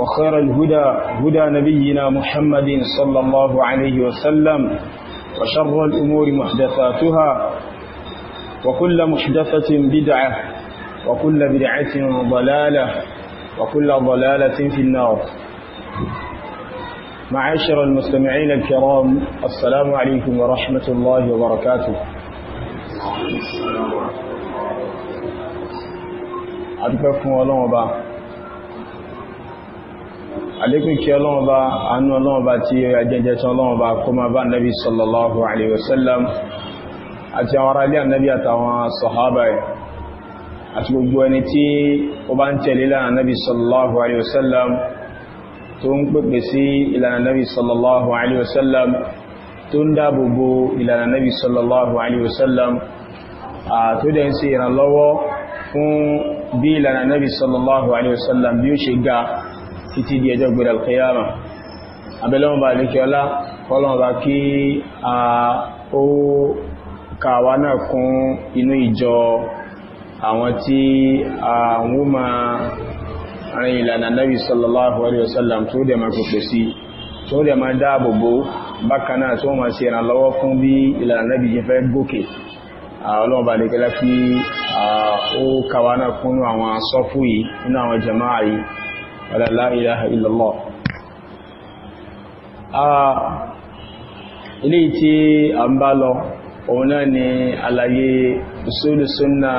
وخير الهدى هدى نبينا محمد صلى الله عليه وسلم وشر الأمور محدثاتها وكل محدثة بدعة وكل بدعة ضلالة وكل ضلالة في النار معاشر المستمعين الكرام السلام عليكم ورحمة الله وبركاته عليكم ورحمة الله وبركاته àlékún kí ọlọ́run bá anú ọlọ́run bá tí ajẹ́jẹ́ tí ọlọ́run bá kó máa bá nẹ́bí sallallahu alaihi wasallam àti àwọn ará ilé ànẹ́bí àtàwọn sọ̀hábà ẹ̀ àti gbogbo ẹni tí ó bá ń tẹ̀lé ìlànà nẹ́bí sallallahu alaihi wasallam tó ń pèpè sí ìlànà nẹ́bí sallallahu alaihi wasallam tó ń dáàbò bo ìlànà nẹ́bí sallallahu alaihi wasallam tó dẹ̀ ń ṣe ìrànlọ́wọ́ fún bí ìlànà nẹ́bí sallallahu alaihi wasallam bí ó ṣe ga títí di ẹjọ́ gbèrè alkiyama abẹ́lẹ́wọ̀n bá lékẹ́ kí a ó kàwà náà kún inú ìjọ àwọn tí àwọn ma rin ìlànà nabi sallallahu alaihi wasallam tó dẹ̀ máa pèpè sí tó dẹ̀ máa dáàbòbò bákanáà tó máa ṣe ìrànlọ́wọ́ fún bí ìlànà nabi jẹ́ fẹ́ gòkè ọlọ́wọ́n bá lékẹ́ lá kí ó kàwà náà àwọn sọ́fù yìí nínú àwọn jama'a yìí wala la ilaha illallah ilé tí a ń bá lọ òun náà ni àlàyé usulu sunna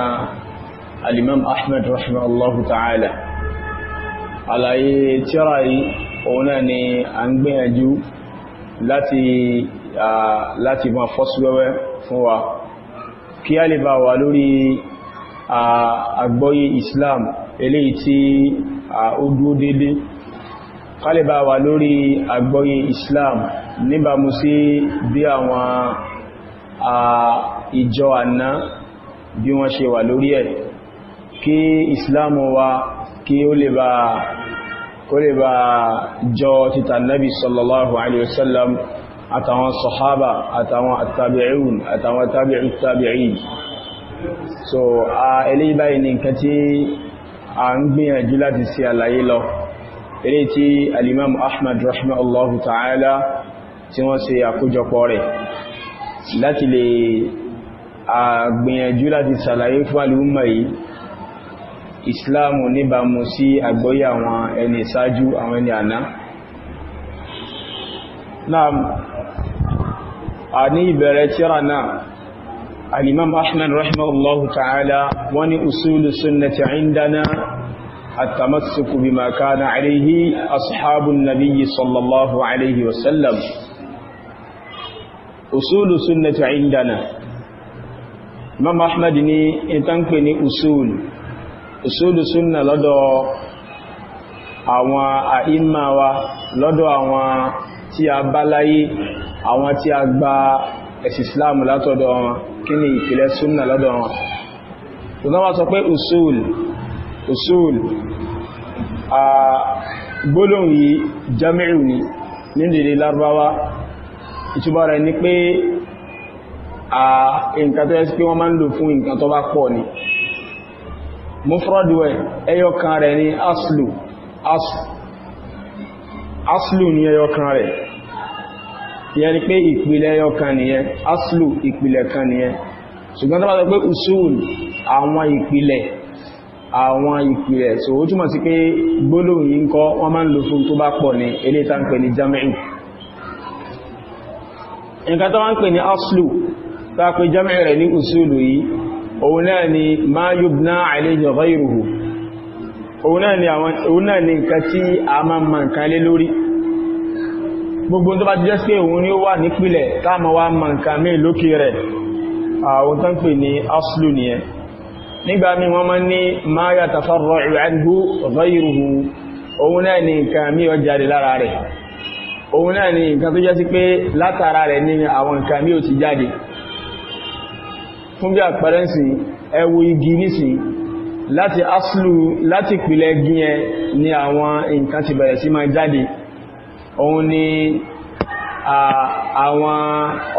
alimam ahmed rahimahullahu ta'ala àlàyé tírà yìí òun náà ni a ń gbìyànjú láti láti ma fọ́síwẹ́wẹ́ fún wa kí a lè bá wà lórí àgbọ́yé islam eléyìí tí ó dúó dédé kálẹ̀bá wà lórí àgbọ́yé Islam níbàmú sí bí àwọn ìjọ àná bí wọ́n ṣe wà lórí ẹ̀ kí Islam wa kí ó lè bá kó lè bá jọ títà nábi sallallahu alaihi wasallam àtàwọn sọ̀hábà àtàwọn àtàbí'ún àtàwọn tàbí'ún tàbí'í so a eléyìí báyìí ni nǹkan tí a ń gbìyànjú láti ṣe àlàyé lọ eré tí alimam ahmad rahimahullahu ta'ala tí wọ́n ṣe àkójọpọ̀ rẹ̀ láti lè a gbìyànjú láti ṣàlàyé fún alìhúnmà yìí islamu níbàmú sí àgbọ́yé àwọn ẹni ṣáájú àwọn ẹni àná náà a ní ìbẹ̀rẹ̀ tíra náà الإمام أحمد رحمه الله تعالى وني أصول السنة عندنا التمسك بما كان عليه أصحاب النبي صلى الله عليه وسلم أصول سنة عندنا Imam Ahmad ní ìtànkpé ní usul usulu sunna lọ́dọ̀ àwọn àìmà wa lọ́dọ̀ àwọn tí a bá láyé àwọn tí a gba ẹ̀sì islam látọ̀dọ̀ wọn kí ni ìpìlẹ̀ sunna lọ́dọ̀ wọn tó náà sọ pé usul usul a gbólóhùn yìí jami'u ni nílèlè lárúbáwá ìtúbà rẹ̀ ní pé a nǹkan tó yẹ́sí pé wọ́n máa ń lò fún nǹkan tó bá pọ̀ ni mufradu ẹ̀ ẹyọkan rẹ̀ ni aslu aslu ni ẹyọkan rẹ̀ ìyẹn ni pé ìpìlẹ̀ ẹyọkan nìyẹn aslu ìpìlẹ̀ kan nìyẹn ṣùgbọ́n tó bá sọ pé usul àwọn ìpìlẹ̀ àwọn ìpìlẹ̀ so ó túmọ̀ sí pé gbólóhùn yìí ń kọ́ wọ́n máa ń lò fún tó bá pọ̀ ní ilé tá ń pè ní jami'u nǹkan tó wá ń pè ní aslu tá pé jami'u rẹ̀ ní usulu yìí òun náà ni ma yubna alayhi ghayruhu òun náà ni nǹkan tí a máa ma nǹkan lé lórí gbogbo tó bá jẹ́ sí òun ni ó wà nípìlẹ̀ táàmà wá ma aslu nìyẹn nígbà mí wọ́n máa ní máa yà tàfàrọ̀ ìrànjú ọ̀fẹ́yìrùhù òun náà ni nǹkan mí ó jáde lára rẹ̀ òun náà ni nǹkan tó jẹ́ sí pé látara rẹ̀ ní àwọn nǹkan mí ó ti jáde fún bí àpẹẹrẹ sí ẹ igi nísìn láti aṣlù láti pìlẹ̀ gíyẹn ni àwọn nǹkan ti bẹ̀rẹ̀ sí máa jáde òun ni àwọn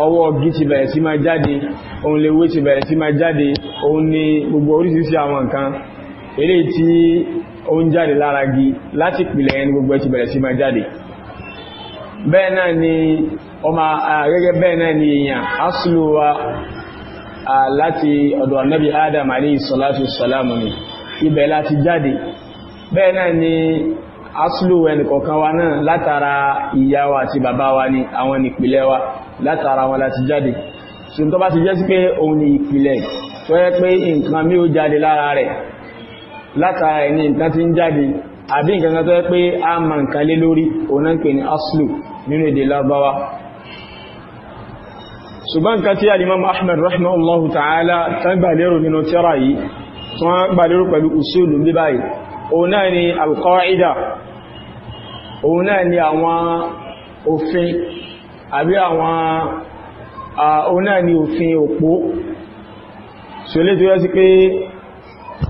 ọwọ́ ọ̀gí ti bẹ̀rẹ̀ sí máa jáde òun lè wé ti bẹ̀rẹ̀ sí máa jáde òun ni gbogbo oríṣiríṣi àwọn nǹkan eré tí ó ń jáde lára gi láti pìlẹ̀ ẹni gbogbo ti bẹ̀rẹ̀ sí máa jáde bẹ́ẹ̀ náà ni ọmọ gẹ́gẹ́ bẹ́ẹ̀ náà ni èèyàn asùlù wa láti ọ̀dọ̀ anábì adam alayhi salatu wassalamu ni ibẹ̀ láti jáde bẹ́ẹ̀ náà ni Aslu ẹnìkọ̀ọ̀kan wa náà látara ìyá wa àti bàbá wa ni àwọn ìpìlẹ̀ wa látara wọn láti jáde ṣe tó bá ti jẹ́ sí pé òun ni ìpìlẹ̀ tó yẹ pé nǹkan mí ó jáde lára rẹ̀ látara ẹ̀ ní nǹkan ti ń jáde àbí nǹkan kan tó yẹ pé a ma nǹkan lé lórí òun náà ń pè ní aṣlù nínú èdè Lárúbáwá ṣùgbọ́n nǹkan tí alimam ahmed rahimahullahu ta'ala tán gbà lérò nínú tírà yìí tán gbà lérò pẹ̀lú usulu bí báyìí òun náà ni alqaida òun náà ni àwọn òfin àbí àwọn òun náà ni òfin òpó ṣòlé tó yẹ sí pé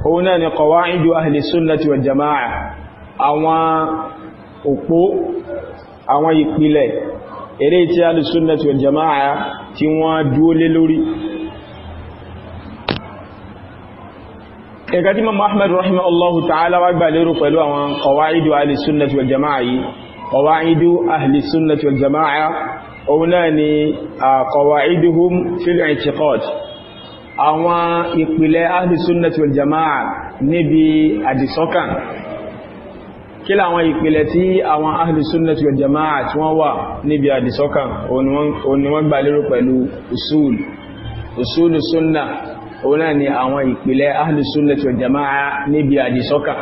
òun náà ni qawaidu ahli sunnati wal jama'a àwọn òpó àwọn ìpìlẹ̀ eré tí ahli sunnati wal jama'a tí wọ́n dúó lé lórí ẹ̀ka tí Imam Ahmad rahimahullahu ta'ala wá gbà lérò pẹ̀lú àwọn qawaidu ahli sunnati wal jama'a yìí qawaidu ahli sunnati wal jama'a òun náà ni qawaiduhum fil i'tiqad àwọn ìpìlẹ̀ ahli sunnati wal jama'a níbi àdìsọ́kàn kí láwọn ìpìlẹ̀ tí àwọn ahli sunnati jama'a tí wọ́n wà níbi àdìsọ́kàn òun ni wọ́n gbà lérò pẹ̀lú usul usul sunnah òun ni àwọn ìpìlẹ̀ ahlu sunnati jama'a níbi àdìsọ́kà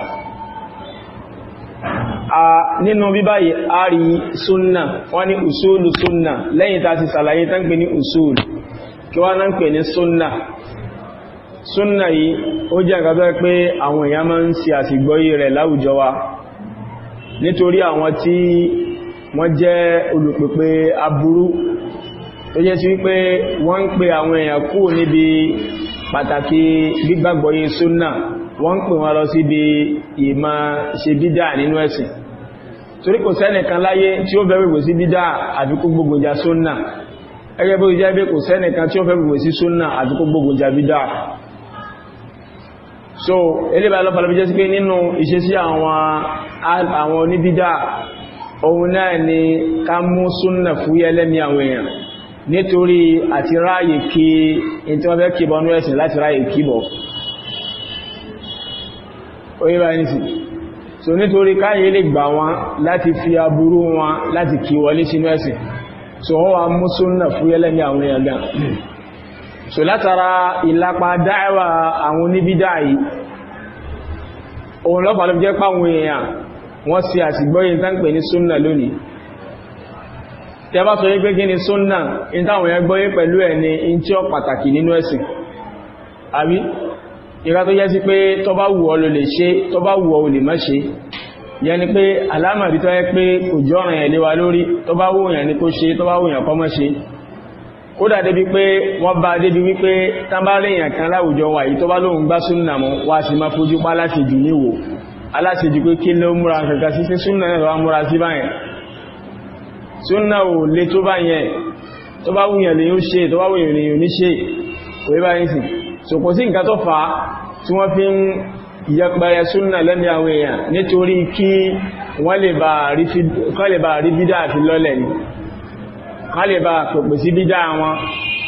nínú bíbáyìí a rí súnnà wọ́n ní usúlù súnnà lẹ́yìn tá ti sàlàyé tán pè ní usúlù kí wọ́n náà pè ní súnnà súnnà yìí ó jẹ́ ǹkan tó yẹ pé àwọn èèyàn máa ń ṣe àsìgbọ́yé rẹ̀ láwùjọ wa nítorí àwọn tí wọ́n jẹ́ olùpèpè aburú tó jẹ́ sí wípé wọ́n ń pe àwọn èèyàn kú níbi pàtàkì gbígbàgbọ́yé súnnà wọ́n ń pè wọn lọ síbi ìmá ṣe bídá nínú ẹ̀sìn torí kò sẹ́nìkan láyé tí ó fẹ́ wèwè sí bídá àfikú gbogbojà súnnà ẹgẹ́ bó jẹ́ bí kò sẹ́nìkan tí ó fẹ́ wèwè sí súnnà àfikú gbogbojà bídá so elébà lọ́pàá jẹ́ sí pé nínú ìṣesí àwọn àwọn oníbídá ohun náà ni ká mú súnnà fúyẹ́ lẹ́mí àwọn èèyàn nítorí àti ráyè kí in tí wọ́n fẹ́ kí bọ́nú ẹ̀sìn láti ráyè kí bọ̀ oye bá ní sí so nítorí káyé lè gbà wọn láti fi aburú wọn láti kí wọlé sínú ẹ̀sìn so wọ́n wá mú súnnà fúyẹ́lẹ́ ní àwọn èèyàn gan so látara ìlapa dáẹ̀wà àwọn oníbídà yìí òun lọ́pàá ló jẹ́ páwọn èèyàn wọ́n sì àsìgbọ́yìn tán pè ní súnnà lónìí tẹbá sọ wípé kí ni súnnà in táwọn ẹgbọ́ yé pẹ̀lú ẹ̀ ni in tí ó pàtàkì nínú ẹ̀sìn àbí ìrá tó jẹ́ sí pé tó bá wù ọ́ lo lè ṣe tó bá wù ọ́ o lè má ṣe yẹn ni pé alámàrí tó yẹ pé kò jọ́ràn ẹ̀ léwa lórí tó bá ni kó ṣe tó bá wù yàn kọ́ má ṣe kódà débi pé wọ́n bá débi wípé tábàrí èèyàn kan láwùjọ wà yìí tó bá gbá súnnà mọ́ wá sí má fojú pa aláṣejù níwò aláṣejù pé kí ló múra kankan sí sí súnnà náà wá múra sí báyẹn súnà ò lè tó bá yẹn tó bá wùyàn lè yóò ṣe tó bá wùyàn lè yóò ní ṣe kò yí báyìí sí so kò sí nǹkan tó fà á tí wọ́n fi ń yẹpẹrẹ súnà lẹ́mí àwọn èèyàn nítorí kí wọ́n lè bá rí bídá àti lọ́lẹ̀ ni wọ́n lè bá pèpè sí bídá wọn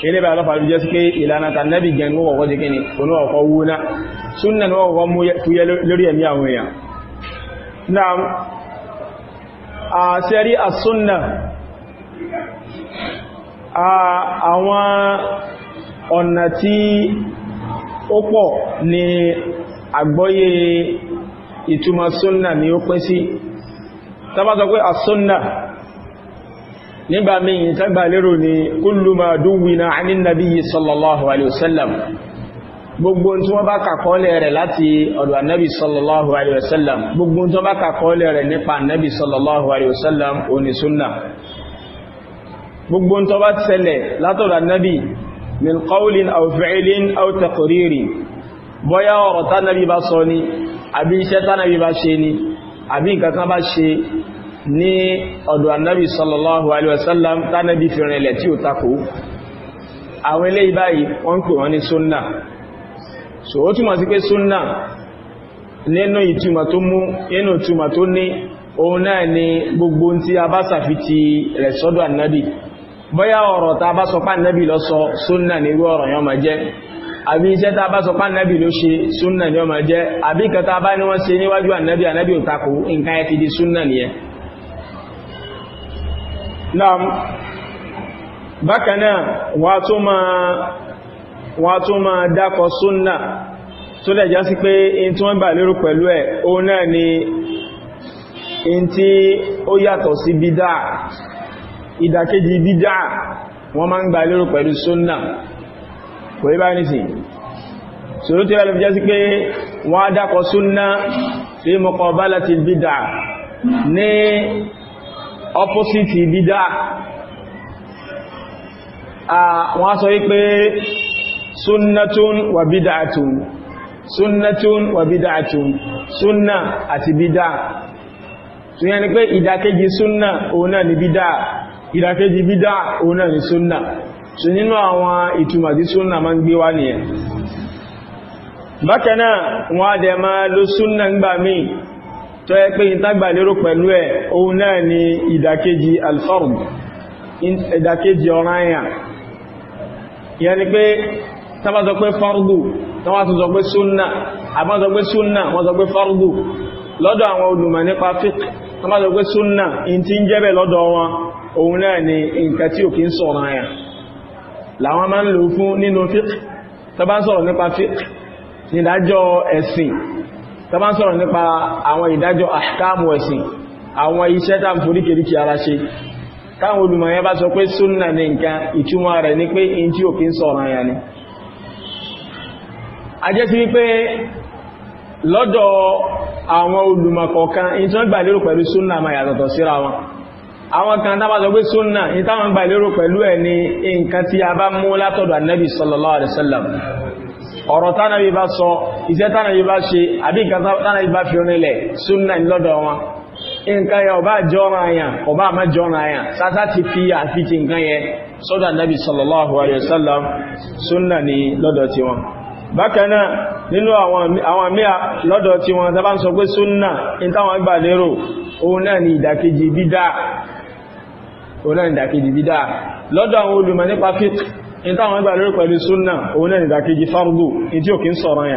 ilé bá lọ́pàá jẹ́ sí pé ìlànà tàbí gẹn ní ọkọ̀ jíkini oní ọkọ̀ wúná súnà ní ọkọ̀ mú fúyẹ́ lórí ẹ̀mí àwọn èèyàn a sẹ́rí àsúnnà àwọn ọ̀nà tí ó pọ̀ ni àgbọ́yé ìtumọ̀ súnnà ni ó pín sí tàbátọ̀ pé àsúnnà nígbàmí ìtàgbà lérò ni kullu ma duwina 'ani sallallahu alaihi wasallam gbogbo tí wọ́n bá kàkọọ́lẹ̀ rẹ̀ láti ọ̀dọ̀ annabi sallallahu alaihi wasallam gbogbo tí wọ́n bá kàkọọ́lẹ̀ rẹ̀ nípa annabi sallallahu alaihi wasallam oní súnnà gbogbo tó bá tẹ́lẹ̀ látọ̀dọ̀ annabi min qawlin àwọn eléyìí báyìí wọ́n pè wọ́n ní súnnà so ó túnmà sí pé súnnà nínú ìtumà tó mú nínú ìtumà tó ní òun náà ni gbogbo tí a bá sàfitì rẹ̀ sọ́dọ̀ annabi bóyá ọ̀rọ̀ ta bá sọpá annabi lọ sọ súnnà ní irú ọ̀rọ̀ yọ́n ma jẹ́ àbí iṣẹ́ ta bá sọpá annabi ló ṣe súnnà ní ọmọ jẹ́ àbí kan ta bá ní wọ́n ṣe níwájú annabi annabi ò takò nǹkan ẹ ti di súnnà nìyẹn bákan náà wà tó máa wọ́n tún máa dákọ súnnà tó lẹ̀ já sí pé in tí wọ́n gbà lérò pẹ̀lú ẹ̀ òun náà ni in tí ó yàtọ̀ sí bídá ìdàkejì bídá wọ́n máa ń gbà lérò pẹ̀lú súnnà kò ibá nìsìn sòrò tí wọ́n jẹ́ sí pé wọ́n dákọ súnnà fi muqabalati bídá ní opposite bídá wọ́n sọ wípé sunnatun wa bid'atun sunnatun wa bid'atun sunna ati bid'a tún yana ni idakeji ìdàkejì sunna òun ni bid'a idakeji bid'a òun ni sunna so nínú àwọn ìtumọ̀ tí sunna máa ń gbé wá nìyẹn bákan náà wọ́n á dẹ̀ máa lo sunna ńgbà míì tó yẹ pé ìtagbà lérò pẹ̀lú ẹ̀ òun náà ni ìdàkejì alfard idakeji ọ̀ranyàn ya, ni pé tàbá sọ pé fardu tàbá sọ pé súnnà àbá sọ pé súnnà wọ́n sọ pé fardu lọ́dọ̀ àwọn olùmọ̀ nípa fiqh tàbá sọ pé súnnà in ti ń jẹ́bẹ̀ lọ́dọ̀ wọn òun náà ni nǹkan tí ò kí ń sọ̀rọ̀ àyà làwọn máa ń lò fún nínú fiqh tàbá sọ̀rọ̀ nípa fiqh ìdájọ́ ẹ̀sìn tàbá sọ̀rọ̀ nípa àwọn ìdájọ́ ahkamu ẹ̀sìn àwọn iṣẹ́ tàbí foríkèríkì ara ṣe táwọn olùmọ̀ yẹn bá sọ pé súnnà ní nǹkan ìtumọ̀ rẹ̀ ní pé in tí ò ń sọ̀rọ̀ àyà ni a jẹ́ sí wípé lọ́dọ̀ àwọn olùmọ̀kọ̀ọ̀kan in tí wọ́n gbà lérò pẹ̀lú súnnà máa yàtọ̀tọ̀ síra wọn àwọn kan tá bá sọ pé súnnà in táwọn gbà lérò pẹ̀lú ẹ̀ ni nǹkan tí a bá mú látọ̀dọ̀ annabi sallallahu alaihi wasallam ọ̀rọ̀ tánàbí bá sọ iṣẹ́ tánàbí bá ṣe àbí nǹkan tánàbí bá fi bákanáà nínú àwọn mìíà lọ́dọ̀ tí wọ́n tàbá ń sọ pé súnnà in táwọn gbà lérò òun náà ni ìdàkejì bídá òun náà ni ìdàkejì bídá lọ́dọ̀ àwọn olùmọ̀ nípa fit in táwọn gbà lérò pẹ̀lú súnnà òun náà ni ìdàkejì fardu in tí ò kí ń sọ̀rọ̀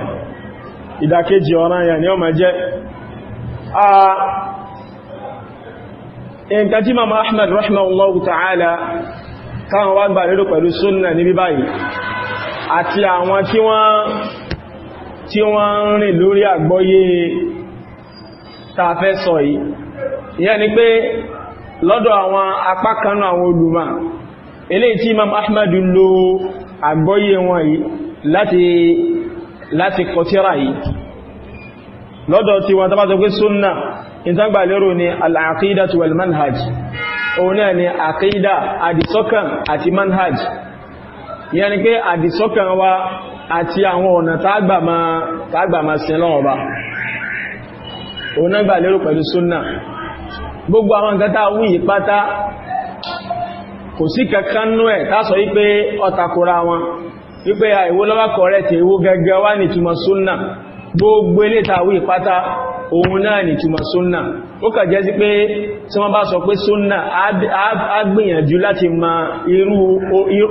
àti àwọn tí wọ́n tí wọ́n ń rìn lórí àgbọ́yé tàfẹ́ sọ yìí ìyẹn ni pé lọ́dọ̀ àwọn apákanú àwọn olùmọ̀ eléyìí tí Imam Ahmad lo àgbọ́yé wọn yìí láti láti kọtíra yìí lọ́dọ̀ tí wọ́n tàbátà pé súnnà ìtàgbà lérò ni al-aqidatu wal manhaj òun náà ni àkídà àdìsọ́kàn àti manhaj ìyẹn ni pé àdìsọ́kàn wa àti àwọn ọ̀nà tágbà máa sin lọ́wọ́ bá òun náà gbà lérò pẹ̀lú súnnà gbogbo àwọn nǹkan táa wúyìí pátá kò sí kankan nú ẹ̀ tásọ wípé ọtakora wọn wípé àìwó kọ̀ọ̀rẹ́ tí èwo gẹ́gẹ́ wá nìtumọ̀ súnnà gbogbo ilé táa wúyìí pátá òun náà ni túnmọ̀ súnnà ó kà jẹ́ sí pé tí wọ́n bá sọ pé súnnà á gbìyànjú láti ma irú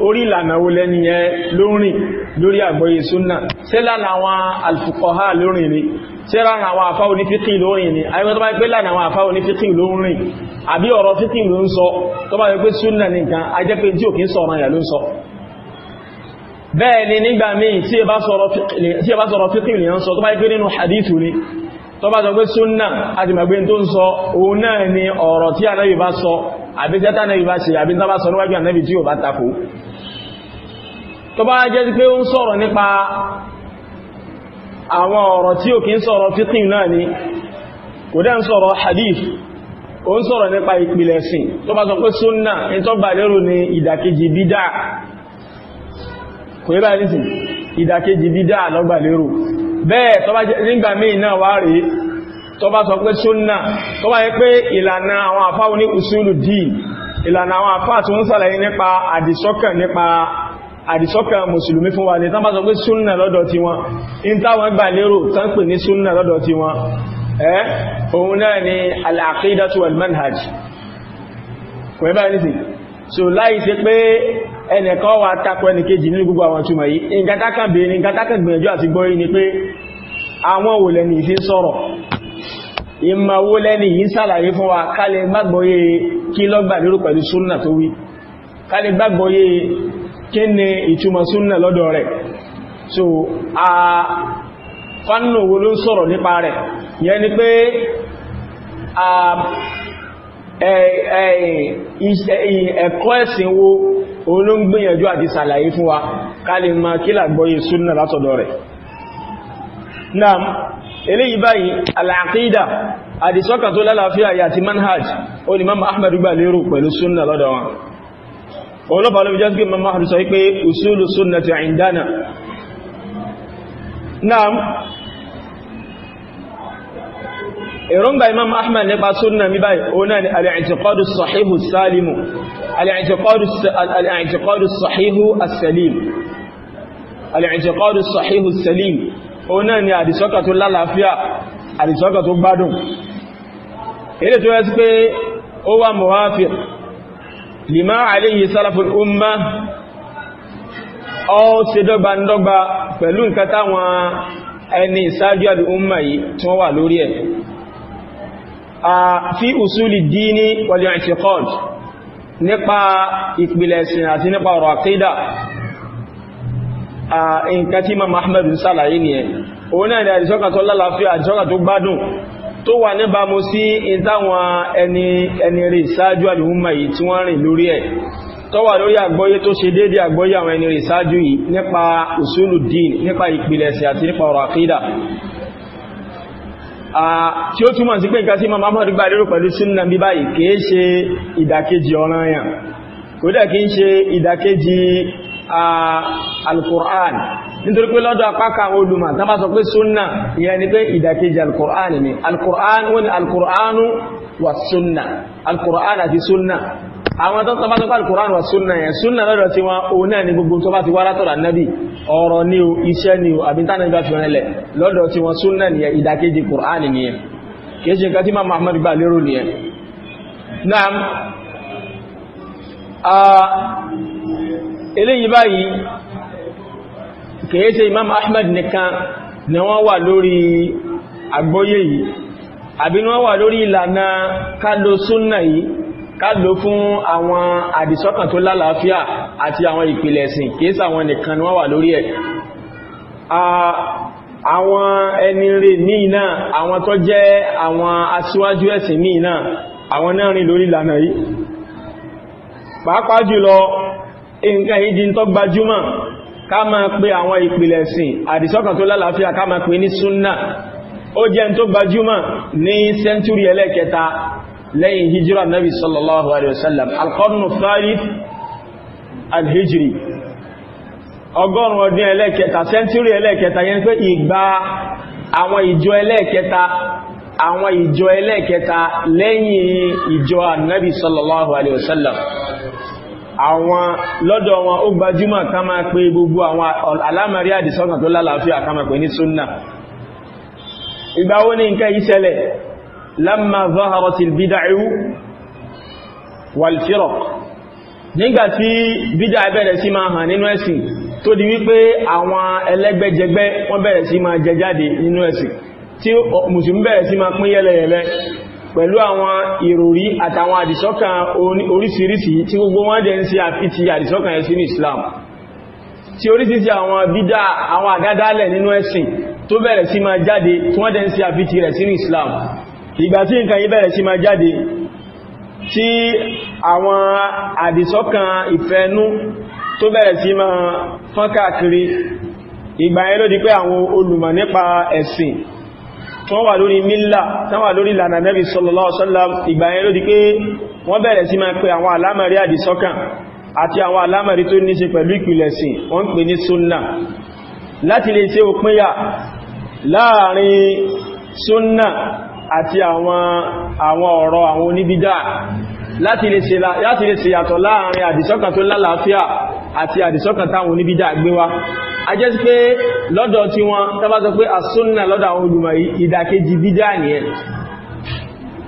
orí ìlànà wo lẹ́niyẹ lórin lórí àgbọ́yé súnnà sílá àwọn alfuqaha lórin ni sílá àwọn àfá onífíkì lórin ni ayébẹ́ tó bá pé lánà àwọn àfá onífíkì lórin àbí ọ̀rọ̀ fíkì ló ń sọ tó bá pé súnnà nìkan a jẹ́ pé tí òkín sọ̀rọ̀ yà ló ń sọ bẹ́ẹ̀ ni nígbà míì tí ẹ bá sọ̀rọ̀ fíkì lè ń sọ tó bá pé nínú hadithu ni tó bá sọ pé súnnà àti mẹ̀gbé tó ń sọ òun náà ni ọ̀rọ̀ tí ànábì bá sọ àbí tẹ́tà náà bá ṣe àbí tó bá sọ níwájú ànábì tí ò bá takò tó bá jẹ́ pé ó ń sọ̀rọ̀ nípa àwọn ọ̀rọ̀ tí ò kí ń sọ̀rọ̀ fíkín náà ni kò dẹ́ ń ìdàkejì bídà kò bẹ́ẹ̀ tó bá jẹ́ nígbà míì náà wá rí tó bá sọ pé súnnà tó bá yẹ pé ìlànà àwọn àfá oní usulu dì ìlànà àwọn àfá tó ń sàlàyé nípa àdìsọ́kàn nípa àdìsọ́kàn mùsùlùmí fún wa ní tán sọ pé súnnà lọ́dọ̀ tí wọn in táwọn gbà lérò tán ní súnnà lọ́dọ̀ tí wọn ẹ́ òun náà ni so láì ṣe pé ẹnìkan wà takọ ẹnìkejì nínú gbogbo àwọn túmọ̀ yìí nǹkan tákàn bèèrè nǹkan tákàn gbìyànjú àti gbọ́ yìí ni pé àwọn wò lẹ́ni ìfi sọ̀rọ̀ lẹ́ni yìí sàlàyé fún wa ká lè gbàgbọ́yé kí lọ́gbà lérò pẹ̀lú súnnà tó wí ká gbàgbọ́yé kí ni ìtumọ̀ súnnà lọ́dọ̀ rẹ̀ so a fánà wo ló ń sọ̀rọ̀ nípa rẹ̀ yẹn ni pé ẹ̀kọ́ ẹ̀sìn wo òun ló ń gbìyànjú àti sàlàyé fún wa ká lè máa kí làgbọ́yé súnnà látọ̀dọ̀ rẹ̀ náà eléyìí báyìí al-aqida àdìsọ́kà tó lálàáfíà yàtí manhaj ó ní Imam Ahmad gbà lérò pẹ̀lú súnnà lọ́dọ̀ wọn ọlọ́pàá lọ́pàá jẹ́ Imam Ahmad sọ wípé usulu sunnati indana náà èròǹgbà imam ahmad nípa súnnà mi báyìí òun náà ni al-i'tiqadu as-sahihu as-salimu al-i'tiqadu as-sahihu as-salim al-i'tiqadu as-sahihu as-salim òun náà ni àdìsọ́kà tó lálàáfíà àdìsọ́kà tó gbádùn ilé tó yẹ́ ẹni ìsáájú àdìsọ́kà yìí tí wọ́n wà lórí ẹ̀ fi usuli dini wal i'tiqad nípa ìpìlẹ̀ ẹ̀sìn àti nípa ọ̀rọ̀ àkídà nǹkan tí Imam Ahmad ń sàlàyé nìyẹn òun náà ni àdìsọ́kà tó lálàáfíà àdìsọ́kà tó gbádùn tó wà níbàámu sí ìtawọn ẹni ẹni rí ìsáájú àdìhúnmà yìí tí wọ́n rìn lórí ẹ̀ tó wà lórí àgbọ́yé tó ṣe déédé àgbọ́yé àwọn ẹni rí ìsáájú yìí nípa usulu din nípa ìpìlẹ̀ ẹ̀sìn àti nípa ọ̀rọ̀ àkídà tí ó túmọ̀ sí pé nǹkan sí Imam Ahmad gbà lérò pẹ̀lú súnnà bí báyìí kìí ṣe ìdàkejì ọ̀ranyàn kódà kìí ṣe ìdàkejì al-Qur'an nítorí pé lọ́dọ̀ apáka olùmọ̀ tán bá sọ pé súnnà ìyẹn ni pé ìdàkejì al-Qur'an ni al-Qur'an wọn ni al-Qur'anu wa súnnà al-Qur'an àti súnnà àwọn tó sọpá tó kọ́ alkùránù wa súnnà yẹn súnnà lọ́dọ̀ tí wọ́n òun náà ni gbogbo tó ti wá látọ̀dọ̀ annabi ọ̀rọ̀ ni o iṣẹ́ ni o àbíntánà ìbá fi rẹ̀lẹ̀ lọ́dọ̀ tí wọ́n súnnà ni ìdàkejì kùránì ni yẹn kìí ṣe nǹkan tí máa Muhammad gbà lérò ni yẹn naam eléyìí báyìí kìí ṣe Imam Ahmad nìkan ni wọ́n wà lórí àgbọ́yé yìí àbí wọ́n wà lórí ìlànà kádó súnnà yìí ká lò fún àwọn àdìsọ́kàn tó lálàáfíà àti àwọn ìpìlẹ̀ ẹ̀sìn kìí sàwọn nìkan ni wọ́n wà lórí ẹ̀ àwọn ẹni rẹ̀ ní iná àwọn tó jẹ́ àwọn aṣíwájú ẹ̀sìn ní iná àwọn náà rìn lórí ìlànà yìí pàápàá jùlọ nǹkan ìdí tó gbajúmọ̀ ká máa pe àwọn ìpìlẹ̀ ẹ̀sìn àdìsọ́kàn tó lálàáfíà ká máa pe ní súnnà ó jẹ́ tó gbajúmọ̀ ní sẹ́ńtúrì ẹlẹ́kẹta lẹ́yìn hijira nabi sallallahu alaihi wasallam alqarnu thalith alhijri ọgọ́rùn ọdún ẹlẹ́kẹta sẹ́ntúrì ẹlẹ́kẹta yẹn pé ìgbà àwọn ìjọ ẹlẹ́kẹta àwọn ìjọ ẹlẹ́kẹta lẹ́yìn ìjọ annabi sallallahu alaihi wasallam àwọn lọ́dọ̀ wọn ó gbajúmọ̀ ká máa pé gbogbo àwọn alámàrí àdìsọ́nà tó lálàáfíà ká máa pè ní súnnà ìgbà wo ni nǹkan yìí lamma zaharatil bid'u wal firaq nígbàtí bídá bẹ̀rẹ̀ sí máa hàn nínú ẹ̀sìn tó di wípé àwọn ẹlẹ́gbẹ́jẹgbẹ́ wọ́n bẹ̀rẹ̀ sí máa jẹjáde nínú ẹ̀sìn tí mùsùlùmí bẹ̀rẹ̀ sí máa pín yẹlẹyẹlẹ pẹ̀lú àwọn ìròrí àtàwọn àdìsọ́kàn oríṣiríṣi tí gbogbo wọ́n dẹ̀ ń ṣe àfitì àdìsọ́kàn ẹ̀sìn Islam tí oríṣiríṣi àwọn bídá àwọn àgádálẹ̀ nínú ẹ̀sìn tó bẹ̀rẹ̀ sí máa jáde tí wọ́n dẹ̀ ń ṣe àfitì rẹ̀ Islam ìgbà tí nǹkan yí bẹ̀rẹ̀ sí máa jáde tí àwọn àdìsọ́kàn ìfẹ́nú tó bẹ̀rẹ̀ sí máa fọ́n káàkiri ìgbà yẹn ló di pé àwọn olùmọ̀ nípa ẹ̀sìn tó wà lórí mílà tó wà lórí lànà Nábì sallallahu alaihi wasallam ìgbà yẹn ló di pé wọ́n bẹ̀rẹ̀ sí máa pe àwọn àlámọ̀rí àdìsọ́kàn àti àwọn àlámọ̀rí tó ní ṣe pẹ̀lú ìpìlẹ̀sìn wọ́n pè ní àti àwọn àwọn ọ̀rọ̀ àwọn oníbídà láti lè ṣe yàtọ̀ láàrin àdìsọ́kàn tó lálàáfíà àti àdìsọ́kàn táwọn oníbídà gbé wá a jẹ́ sí pé lọ́dọ̀ tí wọ́n tàbá sọ pé àsúnnà lọ́dọ̀ àwọn olùmọ̀ ìdàkejì bídà nìyẹn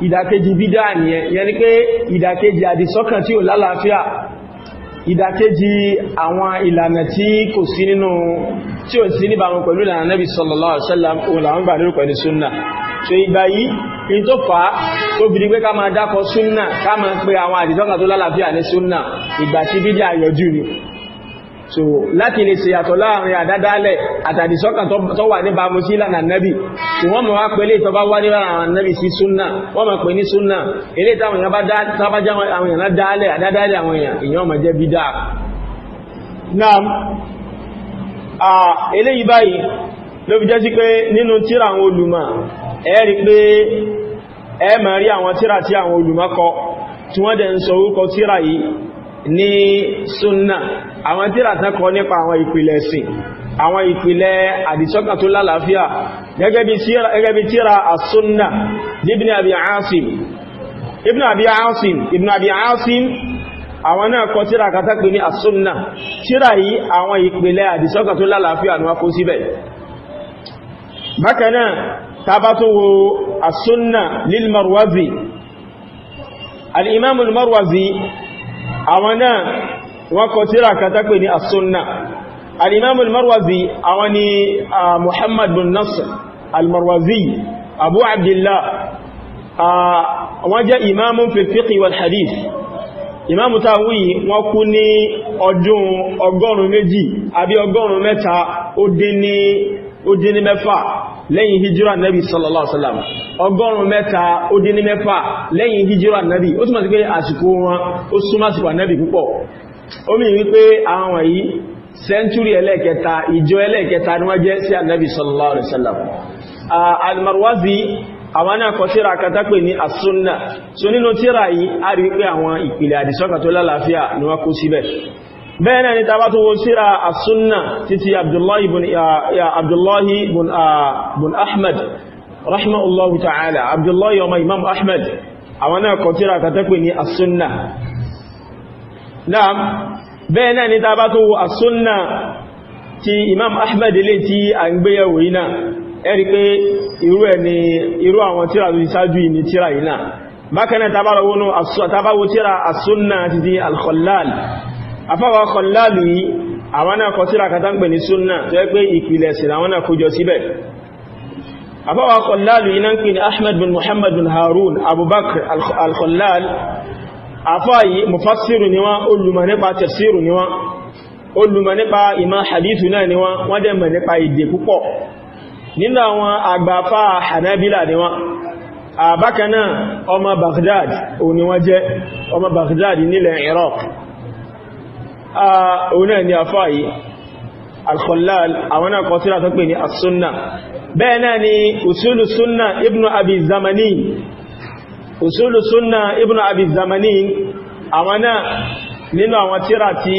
ìdàkejì bídà nìyẹn yẹn ni pé ìdàkejì àdìsọ́kàn tí ò lálàáfíà ìdàkejì àwọn ìlànà tí kò sí nínú tí ò sí níbàmù pẹ̀lú ìlànà Nabi sallallahu alaihi wasallam òun làwọn gbà lórí pẹ̀lú súnnà so ìgbà yìí in tó fà á tó bìí pé ká máa dákọ súnnà ká máa pe àwọn àdìsọ́kà tó lálàáfíà so láti lè ṣe yàtọ̀ láàrin àdádálẹ̀ àtàdìsọ́kàn tó wà níbàámu sí ìlànà nẹ́bì tí wọ́n mọ̀ wá pé ilé ìtọ́bá wá nílànà àwọn nẹ́bì sí súnà wọ́n mọ̀ pé ní súnà ilé ìtàwọn èèyàn bá dábájá àwọn èèyàn dálẹ̀ àdádálẹ̀ àwọn èèyàn èèyàn mọ̀ jẹ́ bídà náà eléyìí báyìí ló fi jẹ́ sí pé nínú tíra àwọn olùmọ̀ ẹ rí pé ẹ máa rí àwọn tíra tí àwọn olùmọ̀ kọ tí wọ́n dẹ̀ ń sọ orúkọ tíra yìí ní súnnà àwọn tíra tán kọ nípa àwọn ìpìlẹ̀ ẹ̀sìn àwọn ìpìlẹ̀ àdìsọ́kàn tó lálàáfíà gẹ́gẹ́ bí tíra àsúnnà ibn abi asim ibn abi asim ibn abi asim àwọn náà kọ tíra katápé ní àsúnnà tíra yìí àwọn ìpìlẹ̀ àdìsọ́kàn tó lálàáfíà ni wọ́n kó síbẹ̀ bákanáà tabatowo àsúnnà lil àwọn náà wọ́n kọ tírà katakpe ní asúnnà al-imam al-marwazi àwọn ni muhammad bin nasir al-marwazi abu abdullah wọ́n jẹ́ imamun fil fiqh wal hadith ìmáàmù tá wí wọ́n kú ní ọdún ọgọ́rùn-ún méjì àbí ọgọ́rùn-ún mẹ́ta ó dín ní mẹ́fà lẹ́yìn hijira nabi sallallahu alaihi wasallam ọgọ́rùn mẹ́ta ó dín ní mẹ́fà lẹ́yìn hijira nabi ó túnmọ̀ sí pé àsìkò wọn ó súnmọ́ àsìkò nabi púpọ̀ omi wípé àwọn wọ̀nyí sẹ́ńtúrì ẹlẹ́ẹ̀kẹta ìjọ ẹlẹ́ẹ̀kẹta ni wọ́n jẹ́ sí sallallahu alaihi wasallam al-Marwazi àwọn náà kọ tíra kan tápè ní as-Sunnah so nínú tíra yìí a rí bẹ́ẹ̀nà ni ta bá tó wọ́n síra a súnnà títí abdullahi bin ahmad rahimahullahu ta'ala abdullahi ọmọ imam ahmad àwọn náà kọ síra ta tẹ́kwé ní a súnnà náà bẹ́ẹ̀nà ni ta bá tó wọ́n a súnnà ti imam ahmad lè tí a ń gbéyàwó iná ẹ̀rí pé irú ẹni irú àwọn tíra tó ṣáájú ìní tíra iná bákanáà tabawo tíra a súnnà títí al afáwà kọlálù yìí àwọn náà kọ síra katáǹgbẹ̀ ní súnnà tó yẹ pé ìpìlẹ̀ sí àwọn náà kójọ síbẹ̀ afáwà kọlálù yìí náà pín ahmed bin muhammad bin harun abubakar al-kọlál afáyí mufassiru ni wọ́n olùmọ̀ nípa tafsiru ni wọ́n olùmọ̀ nípa ìmọ̀ hadithu náà ni wọ́n wọ́n dẹ̀ nípa ìdè púpọ̀ nínú àwọn òun náà ni àfáà yìí al-Khallal àwọn náà kọ tírà tó pè ní as-sunna bẹ́ẹ̀ náà ni usulu sunna ibnu abi zamani usulu sunna ibnu abi zamani àwọn náà nínú àwọn tírà tí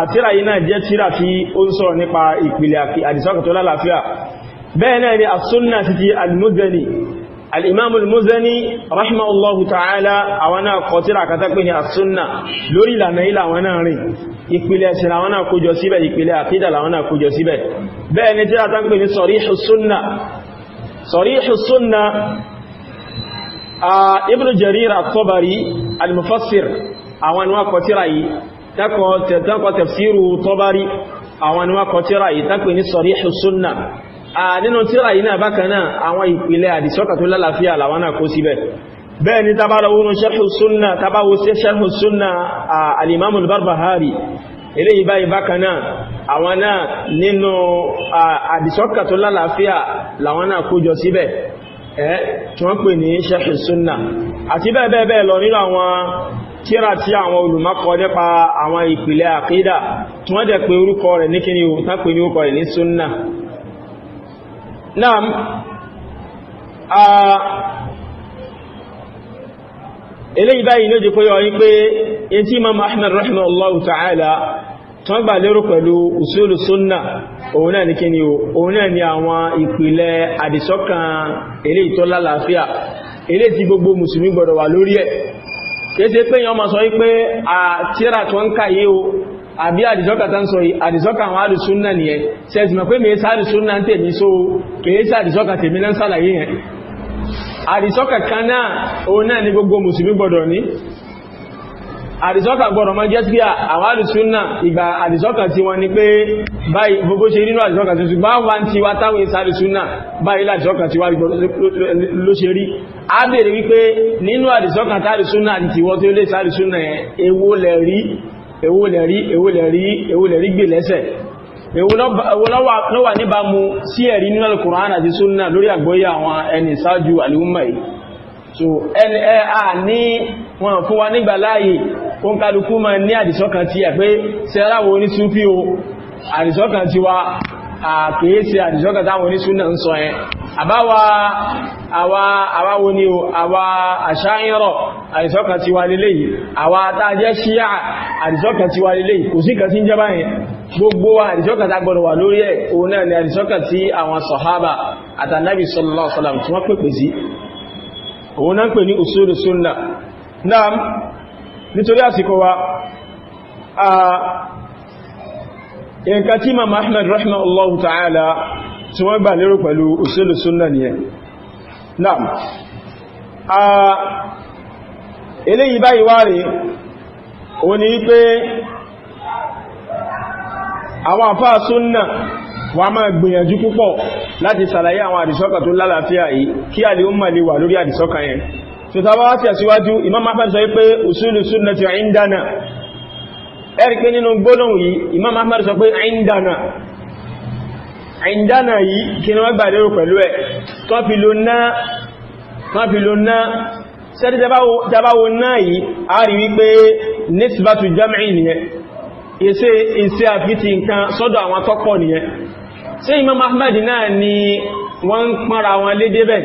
àtírà yìí náà jẹ́ tírà tí ó ń sọ̀rọ̀ nípa ìpìlẹ̀ àdìsọ́kà lálàáfíà bẹ́ẹ̀ náà ni as ti ti al al'imamu al-muzani rahimahullahu ta'ala a wana kọtira ka takwini a sunna lórí ìlànà ilà wana rin ìpìlẹ̀ sira wana kójọ síbẹ̀ ìpìlẹ̀ àkídà la wana kójọ síbẹ̀ bẹ́ẹ̀ ni tíra takwini sọ̀ríhù sunna sọ̀ríhù sunna a ibn jarir at-tabari al-mufassir àwọn ni wọ́n kọtira yìí takọ tafsiru tabari àwọn ni wọ́n kọtira yìí takwini sọ̀ríhù sunna nínú tíra yìí náà bákan náà àwọn ìpìlẹ̀ àdìsọ́kà tó lálàáfíà làwọn náà kó síbẹ̀ bẹ́ẹ̀ ni tabarawun sharhu sunna tabawo sharhu sunna al-imam al-barbahari eléyìí báyìí bákan náà àwọn náà nínú àdìsọ́kà tó lálàáfíà làwọn náà kó jọ síbẹ̀ ẹ́ tí wọ́n pè ní sharhu sunna àti bẹ́ẹ̀ bẹ́ẹ̀ bẹ́ẹ̀ lọ nínú àwọn tíra tí àwọn olùmọ́kọ nípa àwọn ìpìlẹ̀ àkídà tí wọ́n dẹ̀ pé orúkọ rẹ̀ ní kíni ò tán pè ní orúkọ rẹ̀ ní sunna naam a eléyìí báyìí ní ó jẹ́ kó yọ wípé in tí imam ahmed rahimahullahu ta'ala tán gbà lérò pẹ̀lú usulu sunna òun náà ní kíni òun náà ni àwọn ìpìlẹ̀ àdìsọ́kan eléyìí tó lálàáfíà eléyìí tí gbogbo mùsùlùmí gbọ́dọ̀ wà lórí ẹ̀ àbí àdìsọ́kà tán sọ yìí àdìsọ́kà àwọn àdìsúnnà nìyẹn sẹ́sìmọ̀ pé mẹ́sà àdìsúnnà ń tèmi só kèésà àdìsọ́kà tèmi náà sàlàyé yẹn àdìsọ́kà kan náà òun náà ní gbogbo mùsùlùmí gbọdọ̀ ní àdìsọ́kà gbọdọ̀ máa jẹ́ sí àwọn àdìsúnnà ìgbà àdìsọ́kà tí wọ́n ní pé báyìí gbogbo ṣe nínú àdìsọ́kà tuntun bá wà a bèèrè wípé nínú àdìsọ́kà táàdìsúnnà àti tìwọ́ tí ó lè sáàdìsúnnà yẹn èwo lẹ̀ èwo lẹ̀ rí èwo lẹ̀ rí èwo lẹ̀ rí gbè lẹ́sẹ̀ èwo ló wà níbàámu sí ẹ̀rí nínú Al-Qur'an àti súnnà lórí àgbọ́yé àwọn ẹni ìsáájú àlúmọ̀ yìí so NLA ẹ e, a ní wọn fún wa nígbà láàyè ó ń kálukú ma ní àdìsọ́kan ti ẹ̀ pé sẹ́ráwò ní o àdìsọ́kan wa àkèéṣe àdìsọ́kà táwọn oníṣúnà ń sọ yẹn àbáwa àwa àwáwo ni o àwa àṣáyìnrọ̀ àdìsọ́kà ti wà lélẹ̀ yìí àwa tàjẹ́ ṣíyà àdìsọ́kà ti wà lélẹ̀ yìí kò sí kàtí ń jẹba yẹn gbogbo àdìsọ́kà ta gbọdọ̀ wà lórí ẹ̀ òun náà ni àdìsọ́kà ti àwọn sọ̀hábà àtànábì sallallahu alaihi nǹkan tí ma Ahmad rahimahullahu ta'ala tí wọ́n gbà lérò pẹ̀lú usulu súnnà ni ẹ̀ náà a eléyìí báyìí wá rí o ní pé àwọn àfáà súnnà wọ́n máa gbìyànjú púpọ̀ láti sàlàyé àwọn àdìsọ́kà tó lálàáfíà yìí kí àlè ó mà lè wà lórí àdìsọ́kà yẹn tòtàwà wá tẹ̀síwájú Imam Ahmad sọ pé usulu súnnà ti indana ẹ̀rí pé nínú gbólóhùn yìí Imam Ahmad sọ pé àìndànà àìndànà yìí kí ni wọ́n gbà lérò pẹ̀lú ẹ̀ kan fi ló ná náà yìí a rí wípé nisbatu jam'i nìyẹn iṣẹ́ iṣẹ́ àfíti nǹkan sọ́dọ̀ àwọn nìyẹn Imam Ahmad náà ni wọ́n wọn lédébẹ̀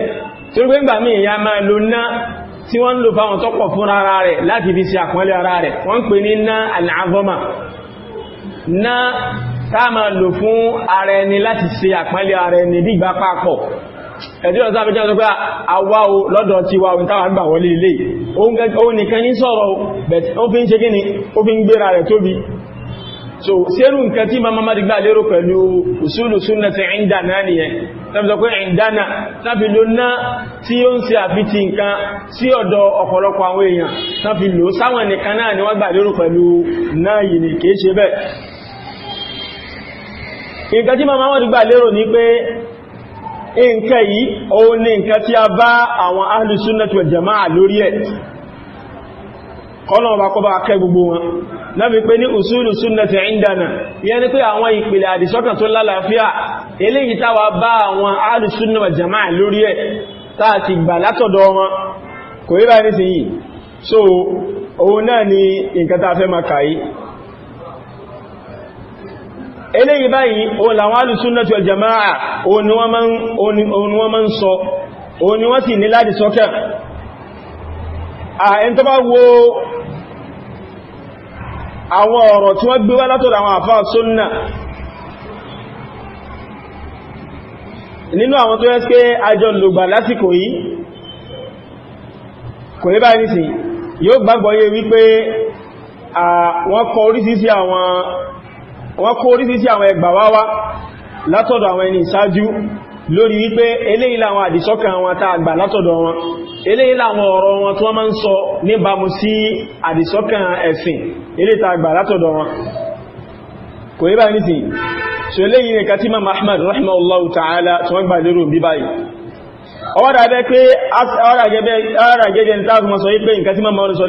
torí pé ń ìyá máa ló ná tí wọ́n ń lò fáwọn tọ́pọ̀ fún ara rẹ̀ láti fi sí àpọ́nlé ara rẹ̀ wọ́n pè ní ná àlàáfọ́mà ná táàmà lò fún ara ẹni láti ṣe àpọ́nlé ara ẹni bí ìgbà ẹ̀dí so sẹ́rù nǹkan tí ma mamadi gbà lérò pẹ̀lú usulu sunnati na nìyẹn tàbí sọ pé indana tàbí ló ná tí ó ń ṣe àfitì nǹkan sí ọ̀dọ̀ ọ̀pọ̀lọpọ̀ àwọn èèyàn tàbí lò sáwọn nìkan náà ni wọ́n gbà lérò pẹ̀lú náà yìí ni kìí ṣe bẹ́ẹ̀ nǹkan ma yìí òun ni nǹkan tí a bá àwọn lórí ẹ̀ kọ́nà ọba kọba akẹ́ gbogbo wọn lábí pé ní usulu sunnati indana yẹ́ ni pé àwọn ìpìlẹ̀ àdìsọ́kàn tó lálàáfíà eléyìí táwa bá àwọn ahlu sunna jamaa lórí ẹ̀ táà ti gbà látọ̀dọ̀ wọn kò rí báyìí sí yìí so òun náà ni nǹkan tá a fẹ́ máa kàáyí eléyìí báyìí jamaa òun ni wọ́n máa ń sọ ẹni tó bá wo àwọn ọ̀rọ̀ tí wọ́n gbé wá látọ̀dọ̀ àwọn àfáà súnnà nínú àwọn tó yẹ́ pé àjọ lògbà lásìkò yìí kò yẹ́ báyìí nìsìn yóò gbàgbọ́ yé wípé wọ́n kọ orísìí àwọn ẹgbà wá látọ̀dọ̀ àwọn ẹni ìsáájú lórí wípé eléyìí làwọn àdìsọ́kàn wọn tá àgbà látọ̀dọ̀ wọn eléyìí làwọn ọ̀rọ̀ wọn tí wọ́n máa ń sọ níbàmú sí àdìsọ́kàn ẹ̀sìn eléyìí tá àgbà látọ̀dọ̀ wọn kò yí báyìí nìsìn so eléyìí ni kàtí Imam Ahmad rahimahullahu ta'ala tí wọ́n gbà lérò bí báyìí ọwọ́dà bẹ́ pé ọ́ràgẹ́gẹ́ tààfùmọ́ sọ wípé nǹkan tí ma mọ́rin sọ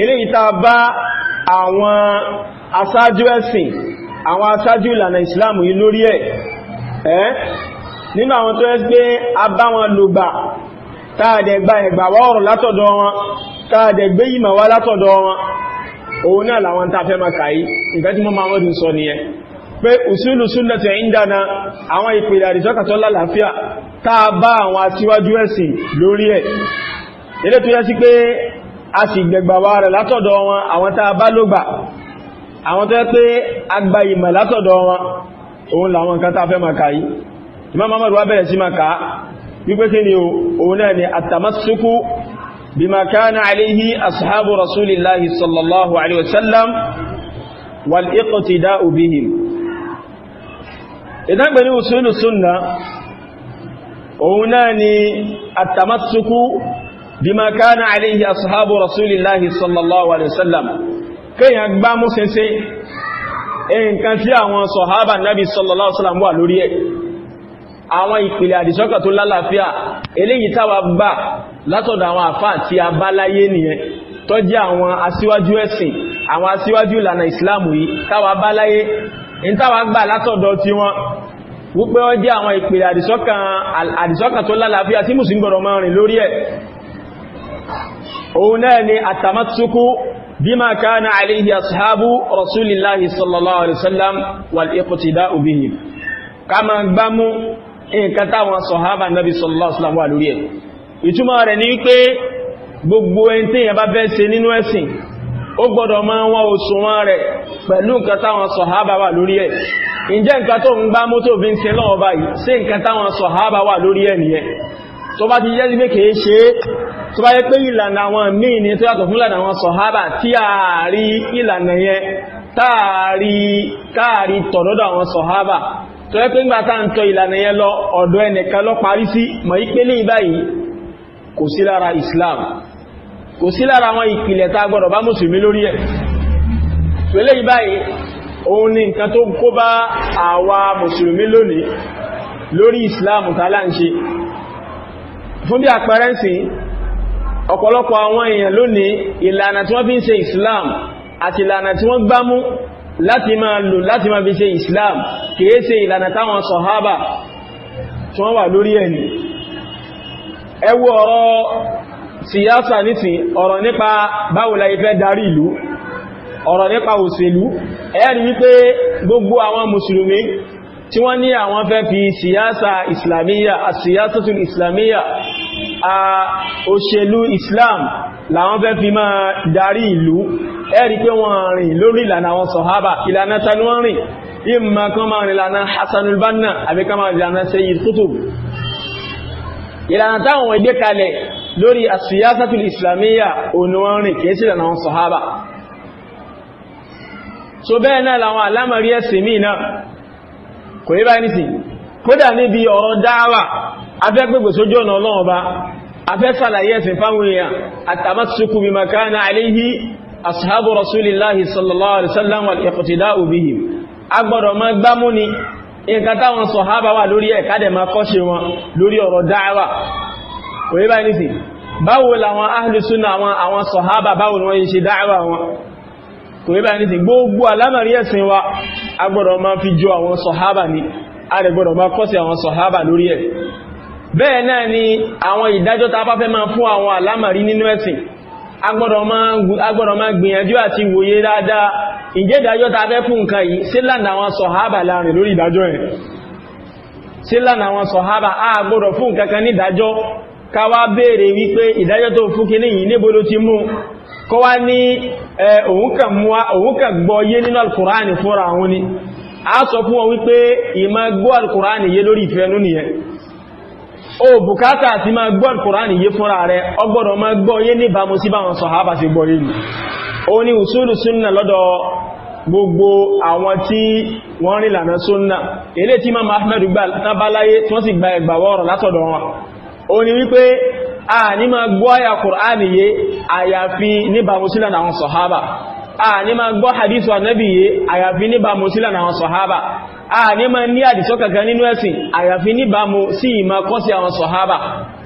eléyìí tá bá àwọn aṣáájú ẹ̀sìn àwọn aṣáájú ìlànà ìsìláàmù yìí lórí ẹ̀ ẹ́ nínú àwọn tó ẹ́sì pé a bá wọn lògbà táàdẹ̀ gba ẹ̀gbà wọ́ọ̀rọ̀ látọ̀dọ̀ wọn táàdẹ̀ gbé ìmọ̀ wá látọ̀dọ̀ wọn òun náà làwọn tá fẹ́ máa kàí nǹkan tí mọ́ máa mọ́dún sọ nìyẹn pé usulu sunnati indana àwọn ìpìlẹ̀ àdìsọ́kàtọ́ lálàáfíà táà bá àwọn aṣíwájú ẹ̀sìn lórí ẹ̀ ilé tó yẹ sí pé a sì gbẹ̀gbàwà rẹ̀ látọ̀dọ̀ wọn àwọn tá a bá ló gbà àwọn tó yẹ pé agba ìmọ̀ látọ̀dọ̀ wọn òun làwọn nǹkan tá a fẹ́ máa kà yìí Imam Ahmad wá bẹ̀rẹ̀ sí máa kà á wípé kí ni òun náà ni at-tamassuku bima kana alayhi ashabu rasulillahi sallallahu alaihi wasallam wal iqtida'u bihim idan gbani usulu sunna òun náà ni at bima kana alayhi ashabu rasulillahi sallallahu alayhi wasallam kíyàn gbá mú sẹsẹ nǹkan tí àwọn sọ̀hábà nábi sallallahu alayhi wasallam wà lórí ẹ̀ àwọn ìpìlẹ̀ àdìsọ́kà tó lálàáfíà eléyìí táwa gbà látọ̀dọ̀ àwọn àfá àti abáláyé nìyẹn tó jẹ́ àwọn asíwájú ẹ̀sìn àwọn asíwájú ìlànà ìsìláàmù yìí táwa báláyé in táwa gbà látọ̀dọ̀ tí wọ́n wípé ó jẹ́ àwọn ìpìlẹ̀ àdìsọ́kà tó lálàáfíà tí mùsùlùmí gbọ́dọ̀ máa lórí ẹ̀ òun náà ni àtàmátúkú bí máa ká na àìlèyí asáàbù rasulillahi sallallahu alaihi wasallam wal iqtida'u bihi ká ma gbámú nǹkan táwọn sọ̀hábà nabi sallallahu alaihi wasallam wà lórí ẹ̀ ìtumọ̀ rẹ̀ ni wípé gbogbo ẹni tí yẹn bá fẹ́ ṣe nínú ẹ̀sìn ó gbọ́dọ̀ máa wọ́n nǹkan tó ń gbámú tó fi ń ṣe lọ́wọ́ báyìí sí nǹkan táwọn sọ̀hábà wà lórí ẹ̀ nìyẹn tó bá ti jẹ́ sí pé kìí ṣe tó bá yẹ pé ìlànà àwọn míì ní tó yàtọ̀ fún ìlànà àwọn sọ̀hábà tí ààrí ìlànà yẹn táàrí tọ̀dọ́dọ̀ àwọn sọ̀hábà tó yẹ pé ń gbà tá ń tọ ìlànà yẹn lọ ọ̀dọ̀ ẹnìkan lọ parí sí mọ̀ ìpele ìbáyìí kò sí lára Islam kò sí lára àwọn ìpìlẹ̀ tá gbọ́dọ̀ bá mùsùlùmí lórí ẹ̀ pẹ̀lẹ́ ìbáyìí òun ni nǹkan tó kó bá àwa mùsùlùmí lónìí lórí Islam tààlà ń ṣe fún bí àpẹrẹnsì ọ̀pọ̀lọpọ̀ àwọn èèyàn lónìí ìlànà tí wọ́n fi ń ṣe Islam àti ìlànà tí wọ́n gbámú láti máa lò láti máa fi ṣe Islam kìí ṣe ìlànà táwọn sọ̀hábà tí wọ́n wà lórí ẹni ẹ wo ọ̀rọ̀ síyásà nítì ọ̀rọ̀ nípa báwo la ifẹ́ darí ìlú ọ̀rọ̀ nípa òṣèlú ẹ rí wípé gbogbo àwọn mùsùlùmí tí wọ́n ní àwọn fẹ́ fi síyásà islamiyya àti síyásà tún islamiyya òṣèlú Islam làwọn fẹ́ fi máa darí ìlú ẹ̀rí pé wọ́n rìn lórí ìlànà àwọn sọ̀hábà ìlànà tani wọ́n rìn ìmọ̀ kan máa rìn ìlànà Hassanul Banna àbí kan máa rìn ìlànà Sayyid Qutb ìlànà táwọn ẹgbẹ́ kalẹ̀ lórí as-siyasatul islamiyya òní wọ́n rìn kìí sí ìlànà àwọn sọ̀hábà so bẹ́ẹ̀ náà làwọn alámàrí ẹ̀sìn míì náà kò kódà níbi ọ̀rọ̀ dáwà afẹ́ pẹ̀pẹ̀ sójú ọ̀nà ọlọ́run ọba afẹ́ sàlàyé ẹ̀sìn fáwọn èèyàn àtàmásùkú bí makana aléhí ashabu rasulillahi sallallahu alaihi wasallam al-iqtida'u bihim agbọ́dọ̀ ma gbámú ni nǹkan táwọn sọ̀hábà wà lórí ẹ̀ wa agbọ́dọ̀ ma fi jọ àwọn sọ̀hábà ni a rẹ̀ gbọ́dọ̀ ma kọ́ṣe àwọn sọ̀hábà lórí ẹ̀ bẹ́ẹ̀ náà ni àwọn ìdájọ́ ta bá fẹ́ máa fún àwọn àlámàrí nínú ẹ̀sìn agbọ́dọ̀ máa gbìyànjú àti wòye dáadáa ìjẹ́ ìdájọ́ ta fẹ́ fún nǹkan yìí sí àwọn sọ̀hábà láàrin lórí ìdájọ́ ẹ̀ sí àwọn sọ̀hábà agbọ́dọ̀ fún nǹkan kan ní ìdájọ́ káwá béèrè wípé ìdájọ́ tó fún kí níyìn níbo ti mú kọ́ wá ní òun kàn gbọ́ ni a sọ fún wípé o bùkátà àti máa gbọ́ Kùránì yé fúnra rẹ̀ o gbọ́dọ̀ gbọ́ yé níbàmú sí báwọn sàhábà ṣe gbọ́ yé ni ó ní usulu súnnà lọ́dọ̀ gbogbo àwọn tí wọ́n rí lànà súnnà ilé tí máa Ahmadu gbà nábáláyé tí wọ́n sì gba ẹgbàwọ́ ọ̀rọ̀ látọ̀dọ̀ wọn ó ní wípé a ní máa gbọ́ àyà Kùránì yé àyàfi níbàmú sí lànà àwọn sàhábà a ní máa gbọ́ hadithu ànábì yé àyàfi níbàmú a ní ma ní àdìsọ́ kankan nínú ẹ̀sìn àyàfi níbàmú sí ìmá kọ́sí àwọn sọ̀hábà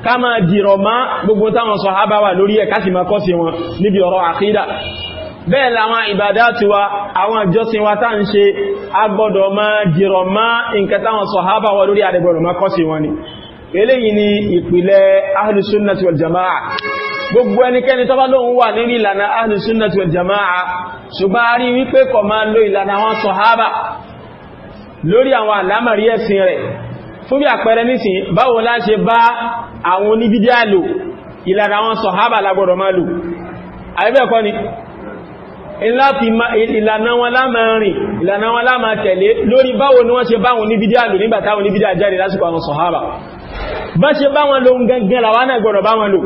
ká ma dìrọ̀ má gbogbo táwọn sọ̀hábà wà lórí ẹ̀ kásì ma kọ́sí wọn níbi ọ̀rọ̀ àkídà bẹ́ẹ̀ láwọn ìbádátùwa àwọn ìjọsìn wa tá ń ṣe agbọ́dọ̀ ma dìrọ̀ má nǹkan táwọn sọ̀hábà wà lórí àdìgbọ̀dọ̀ ma kọ́sí wọn ni eléyìí ni ìpìlẹ̀ ahlus sunnati jama'a gbogbo ẹnikẹ́ni tó bá lóun wà nínú ìlànà ahlus sunnati jama'a ṣùgbọ́n a rí wípé kò máa lo ìlànà àwọn sọ̀hábà lórí àwọn àlámọ̀rí ẹ̀sìn rẹ̀ fún bí àpẹẹrẹ nísìn báwo la ṣe bá àwọn oníbídíà lò ìlànà àwọn sọ̀hábà lágbọ́dọ̀ máa lò àìbẹ̀ẹ̀kọ́ ni ìlànà wọn lámà rìn ìlànà wọn lámà tẹ̀lé lórí báwo ni wọ́n ṣe báwọn oníbídíà lò nígbàtàwọn oníbídíà jáde lásìkò àwọn sọ̀hábà bá ṣe báwọn lò gangan làwọn náà gbọ́dọ̀ báwọn lò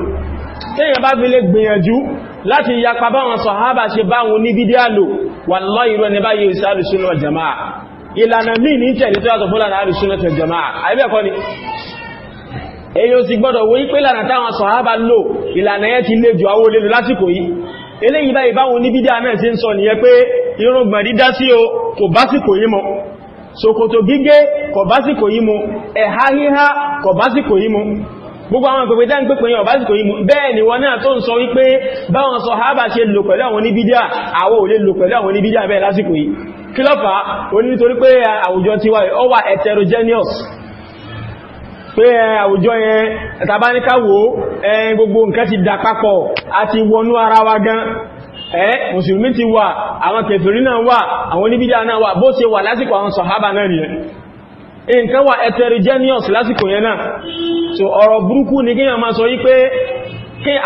tẹ́yàn bá fi lè gbìyànjú láti yapa wallahi irú ẹni báyìí ìlànà míì ní tẹ̀lé tó yàtọ̀ fún lànà al-sunnah wal jamā'ah àìbẹ̀kọ́ ni èyí ò sì gbọ́dọ̀ wó ipé lànà táwọn sàhábà lò ìlànà yẹn ti lè jù àwó lè lásìkò yìí eléyìí báyìí báwọn oníbídá náà ṣe ń sọ nìyẹn pé irùngbọ̀n dídá sí o kò básìkò yìí mọ́ ṣòkòtò gígé kò básìkò yìí mọ́ ẹ̀há híhá kò básìkò yìí mọ́ gbogbo àwọn ìpẹ̀pẹ̀ dá ń pẹ̀pẹ̀ yìí ọ̀básìkò yìí mọ́ bẹ́ẹ̀ ni wọ́n náà tó ń sọ wípé báwọn sàhábà ṣe lò pẹ̀lú àwọn oníbídá àwọ́ ò lè lò pẹ̀lú àwọn oníbídá bẹ́ẹ̀ lásìkò yìí kí onye pé àwùjọ ti wà ó heterogeneous pé àwùjọ yẹn tàbáníkàwò ẹn gbogbo nǹkan ti dà papọ̀ àti wọnú ara wa gan ẹ́ Musulmi ti wà àwọn kèfèrí náà wà àwọn oníbídá náà wà bó ṣe wà lásìkò àwọn sọ̀hábà náà nǹkan wà heterogeneous lásìkò yẹn so ọ̀rọ̀ burúkú ni kíyàn máa sọ kí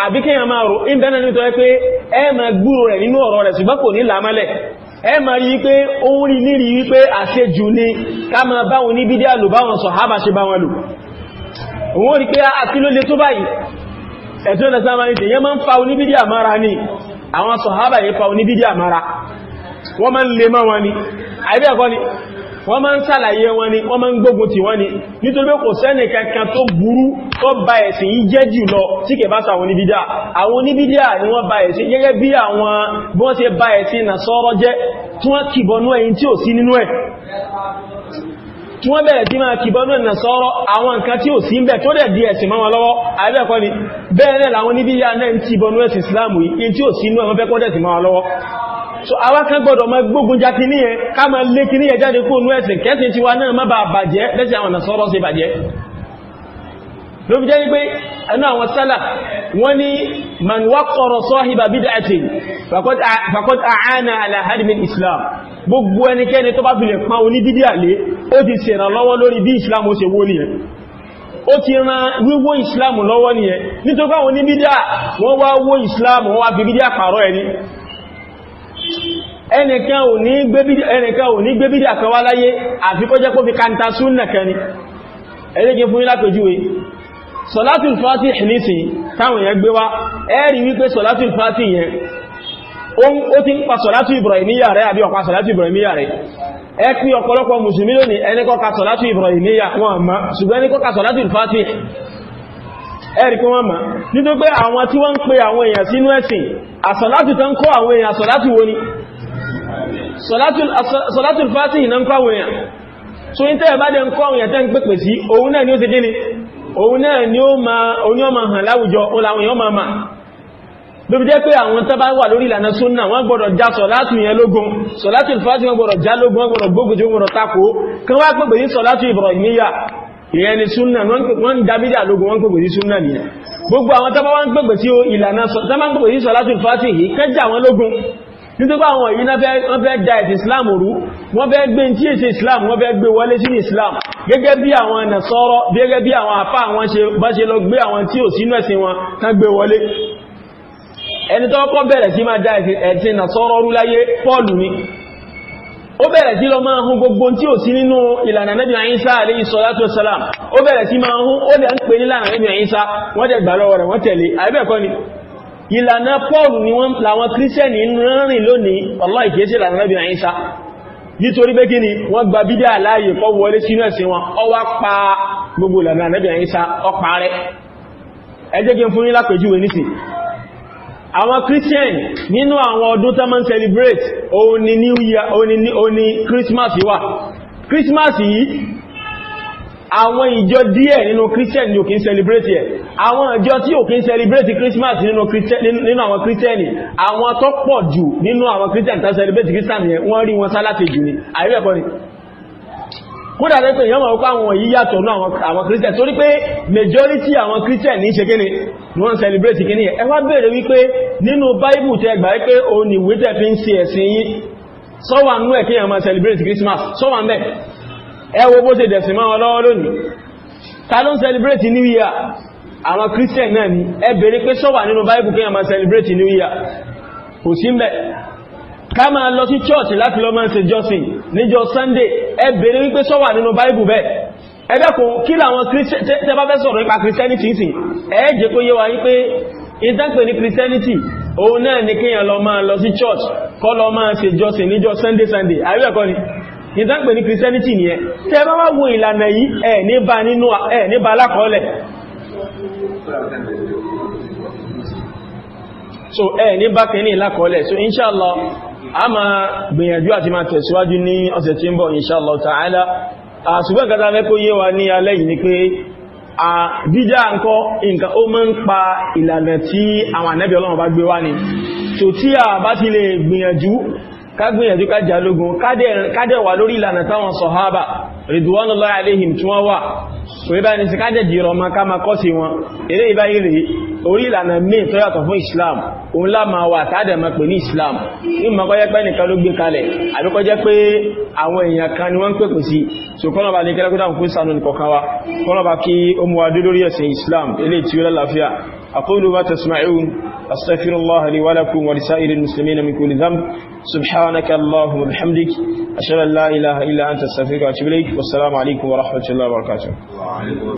máa rò ìbẹ́nà nítorí pé ẹ máa gbúrò rẹ̀ nínú ọ̀rọ̀ rẹ̀ ṣùgbọ́n kò ní làmálẹ̀ ẹ ma rí wípé ó ń rí nírí wípé àṣejù ni ká ma báwọn ní bídí àlò báwọn sàhábà ṣe báwọn lò wọ́n rí pé àti ah, ló le tó báyìí ẹ̀tọ́ ẹ̀nà sáà máa ní tèyẹ máa ń fa oníbídí àmára ní àwọn sàhábà yẹ fa oníbídí àmára wọ́n máa ń le máa wọn ni àìbẹ́ ẹ̀kọ́ ni wọ́n máa ń sàlàyé wọn ni wọ́n máa ń gbógun ti wọ́n ni nítorí pé kò sẹ́nì kankan tó burú tó ba ẹ̀sìn yìí jẹ́ jù lọ tí kẹ sàwọn oníbídà àwọn oníbídà ni wọ́n ba ẹ̀sìn gẹ́gẹ́ bí àwọn bí wọ́n ṣe ba ẹ̀sìn Nasara jẹ́ tí wọ́n kìbọnú ẹ̀yìn tí ò sí nínú ẹ̀ tí wọ́n bẹ̀rẹ̀ tí máa kìbọnú ẹ̀nà sọ́rọ̀ àwọn nǹkan tí ò sí ń bẹ̀ tó dẹ̀ di ẹ̀sìn máa wọn lọ́wọ́ àìbẹ̀kọ́ ni so àwa kan gbọ́dọ̀ máa gbógun já kí níyẹn ká máa lé kí níyẹn jáde kó nú ẹ̀sìn kẹ́sìn tiwa náà má bàa bàjẹ́ lẹ́sìn àwọn nàṣọ́rọ́ sí bàjẹ́ ló fi jẹ́ pé ẹnu àwọn sálà wọ́n ní man waqara sahiba bid'atin faqad a'ana ala hadmil islam gbogbo ẹnikẹ́ni tó bá fi lè pán oní bídí àlé ó ti ṣèrànlọ́wọ́ lórí bí islam ó ṣe wó nìyẹn ó ti ran wíwó islam lọ́wọ́ nìyẹn nítorí àwọn oní wọ́n wá wó islam wọ́n wá fi bídí àpàrọ̀ ẹni ẹnìkan ò ní gbé bídí àkan wá láyé àfi kó jẹ́ kó fi kanta súnnà kan ni ẹlẹ́gẹ́ fún ilá pẹ̀júwe sọ̀látùl fàtí ìnísìn táwọn èèyàn gbé wá ẹ́rì wípé sọ̀látùl fàtí yẹn ó ti ń pa sọ̀látù ìbrọ̀ìníyà rẹ̀ àbí ọ̀pá sọ̀látù ìbrọ̀ìníyà rẹ̀ ẹ pí ọ̀pọ̀lọpọ̀ mùsùlùmí lónìí ẹnikọ́ka sọ̀látù ìbrọ̀ìníyà wọn àmá ṣùgbọ́n ẹnikọ́ka sọ̀látù ìfàtí ẹ̀rì kí wọ́n ma nítorí pé àwọn tí wọ́n ń pe àwọn èèyàn sínú ẹ̀sìn àsọ̀látù tán kọ́ àwọn èèyàn àsọ̀látù wo ni sọ̀látù fásì ìná ń kọ́ àwọn èèyàn so ní tẹ́ẹ̀ bá dẹ ń kọ́ àwọn èèyàn tẹ́ ń pèpè sí òun náà ni ó ti gíní òun náà ni ó ma hàn láwùjọ olàwọn èèyàn ma ma lóbi jẹ́ pé àwọn tẹ́bá wà lórí ìlànà súnnà wọ́n gbọ́dọ̀ já sọ̀látù yẹn lógún sọ̀látù ìfásí wọ́n gbọ́dọ̀ já lógún wọ́n gbọ́dọ̀ gbógun tí wọ́n gbọ́dọ̀ takò kí ìyẹn ni súnnà wọ́n dábídà lógún wọ́n pèpè sí súnnà nìyẹn gbogbo àwọn tọ́bá wọ́n pèpè sí ìlànà tọ́bá pèpè sí sọ́látù fásì yìí kẹjà wọn lógún nítorí àwọn yìí wọ́n fẹ́ da ẹ̀sìn islam rú wọ́n fẹ́ gbé tí èsì islam wọ́n fẹ́ gbé wọlé sí islam gẹ́gẹ́ bí àwọn nàṣọ́rọ̀ gẹ́gẹ́ bí àwọn àfá àwọn bá ṣe lọ gbé àwọn tí ò sínú ẹ̀sìn wọn tán gbé wọlé ẹni tọ́kọ́ bẹ̀rẹ̀ sí máa da ẹ̀sìn nàṣọ́rọ̀ rú láyé pọ́ọ̀lù ni ó bẹ̀rẹ̀ sí lọ máa hun gbogbo tí ò sí nínú ìlànà nẹ́bí àyíṣà alayhi salatu wassalam ó bẹ̀rẹ̀ sí máa hun ó dẹ̀ ń pè nílànà nẹ́bí àyíṣà wọ́n dẹ̀ gbà lọ́wọ́ rẹ̀ wọ́n tẹ̀lé àìbẹ̀kọ́ ni ìlànà pọ́ọ̀lù ni wọ́n làwọn kírísẹ́nì ń rìn lónìí wallahi kìí ṣe ìlànà nẹ́bí àyíṣà nítorí pé kí ni wọ́n gba bídá aláàyè kọ́ pa gbogbo ìlànà nẹ́bí àyíṣà ó parẹ́ ẹ jẹ́ kí n fún yín lápèjúwe nísìnyí àwọn christian nínú àwọn ọdún tó máa ń celebrate òun new year òun ni christmas wà christmas yìí àwọn ìjọ díẹ̀ nínú christian ni ò kí ń celebrate ẹ̀ àwọn ìjọ tí ò kí ń celebrate christmas nínú àwọn christian àwọn tó pọ̀ jù nínú àwọn christian tó celebrate christmas yẹn wọ́n rí wọn sálátẹ̀ jù ni àìbẹ̀kọ́ ni kódà rẹ̀ pé ìyọ́mọ̀ ọkọ̀ àwọn èyí yàtọ̀ ní àwọn christian torí pé majority àwọn christian ní ṣe kíni ni wọ́n celebrate kíni ẹ̀ ẹ wá bèèrè wípé nínú bible tẹ gbà wípé o ní ìwé tẹ́ fi ń ṣe ẹ̀sìn yín sọ́wà nú ẹ̀ kí celebrate christmas sọ́wà ń bẹ̀ ẹ wo bó ṣe dẹ̀sìn máa lọ́wọ́ lónìí ta ló ń celebrate new year àwọn christian náà ni ẹ bèèrè pé sọ́wà nínú bible kí ẹ̀mọ̀ celebrate new year kò sí ń bẹ̀ ká máa lọ sí church láti lọ máa ṣe jọ́sìn níjọ́ sunday ẹ bèèrè wípé sọ́wà nínú báìbù bẹ́ẹ̀ ẹgbẹ́kùn kí làwọn tẹbàfẹ́ sọ̀rọ̀ nípa christianity sí ẹ̀ẹ́jẹ́ kó yé wa yí pé ìtàpẹ̀ ní christianity òun náà ní kíyàn lọ máa lọ sí church kọ́ lọ máa ṣe jọsìn níjọ sunday sunday àríwẹ̀kọ́ ni ìtàpẹ̀ ní christianity ni ẹ tẹ́ bá wá wo ìlànà yìí ẹ̀ ní bá alákọọ́lẹ̀ so ẹ̀ ní bá kẹ́ ní ìlákọọ́lẹ̀ so inshallah a ma gbìyànjú àti ma tẹ̀síwájú ní ọ̀sẹ̀ tí ń bọ̀ insha Allah ta'ala ṣùgbọ́n kata fẹ́ kó yé wa ní alẹ́ yìí ni pé a dídá ǹkọ́ nǹkan ó mọ́ ń pa ìlànà tí àwọn ànẹ́bí Ọlọ́run bá gbé wá ni so tí a bá ti lè gbìyànjú ká gbìyànjú ká jà lógun ká dẹ̀ wà lórí ìlànà táwọn sọ̀hábà ridwanullahi alayhim tí wọ́n wà so ibá ní sí kájẹ̀ jìrọ ma ká ma kọ́ sí wọn eré ibá yìí rèé orí ìlànà míì tó yàtọ̀ fún islam òun lá ma wà tàdẹ̀ ma pè ní islam ní ma kọ́ jẹ́ pé nìkan ló gbé kalẹ̀ àbí kọ́ jẹ́ pé àwọn èèyàn kan ni wọ́n ń pèpè sí so kọ́nà ní kẹ́lẹ́kọ́dà fún sànù nìkọ̀kan wa kọ́nà kí ó mú wa dé lórí ẹ̀sìn islam eléyìí tí ó lálàáfíà أقول ما تسمعون أستغفر الله لي ولكم ولسائر المسلمين من كل ذنب سبحانك اللهم وبحمدك أشهد أن لا إله إلا أنت أستغفرك وأتوب إليك والسلام عليكم ورحمة الله وبركاته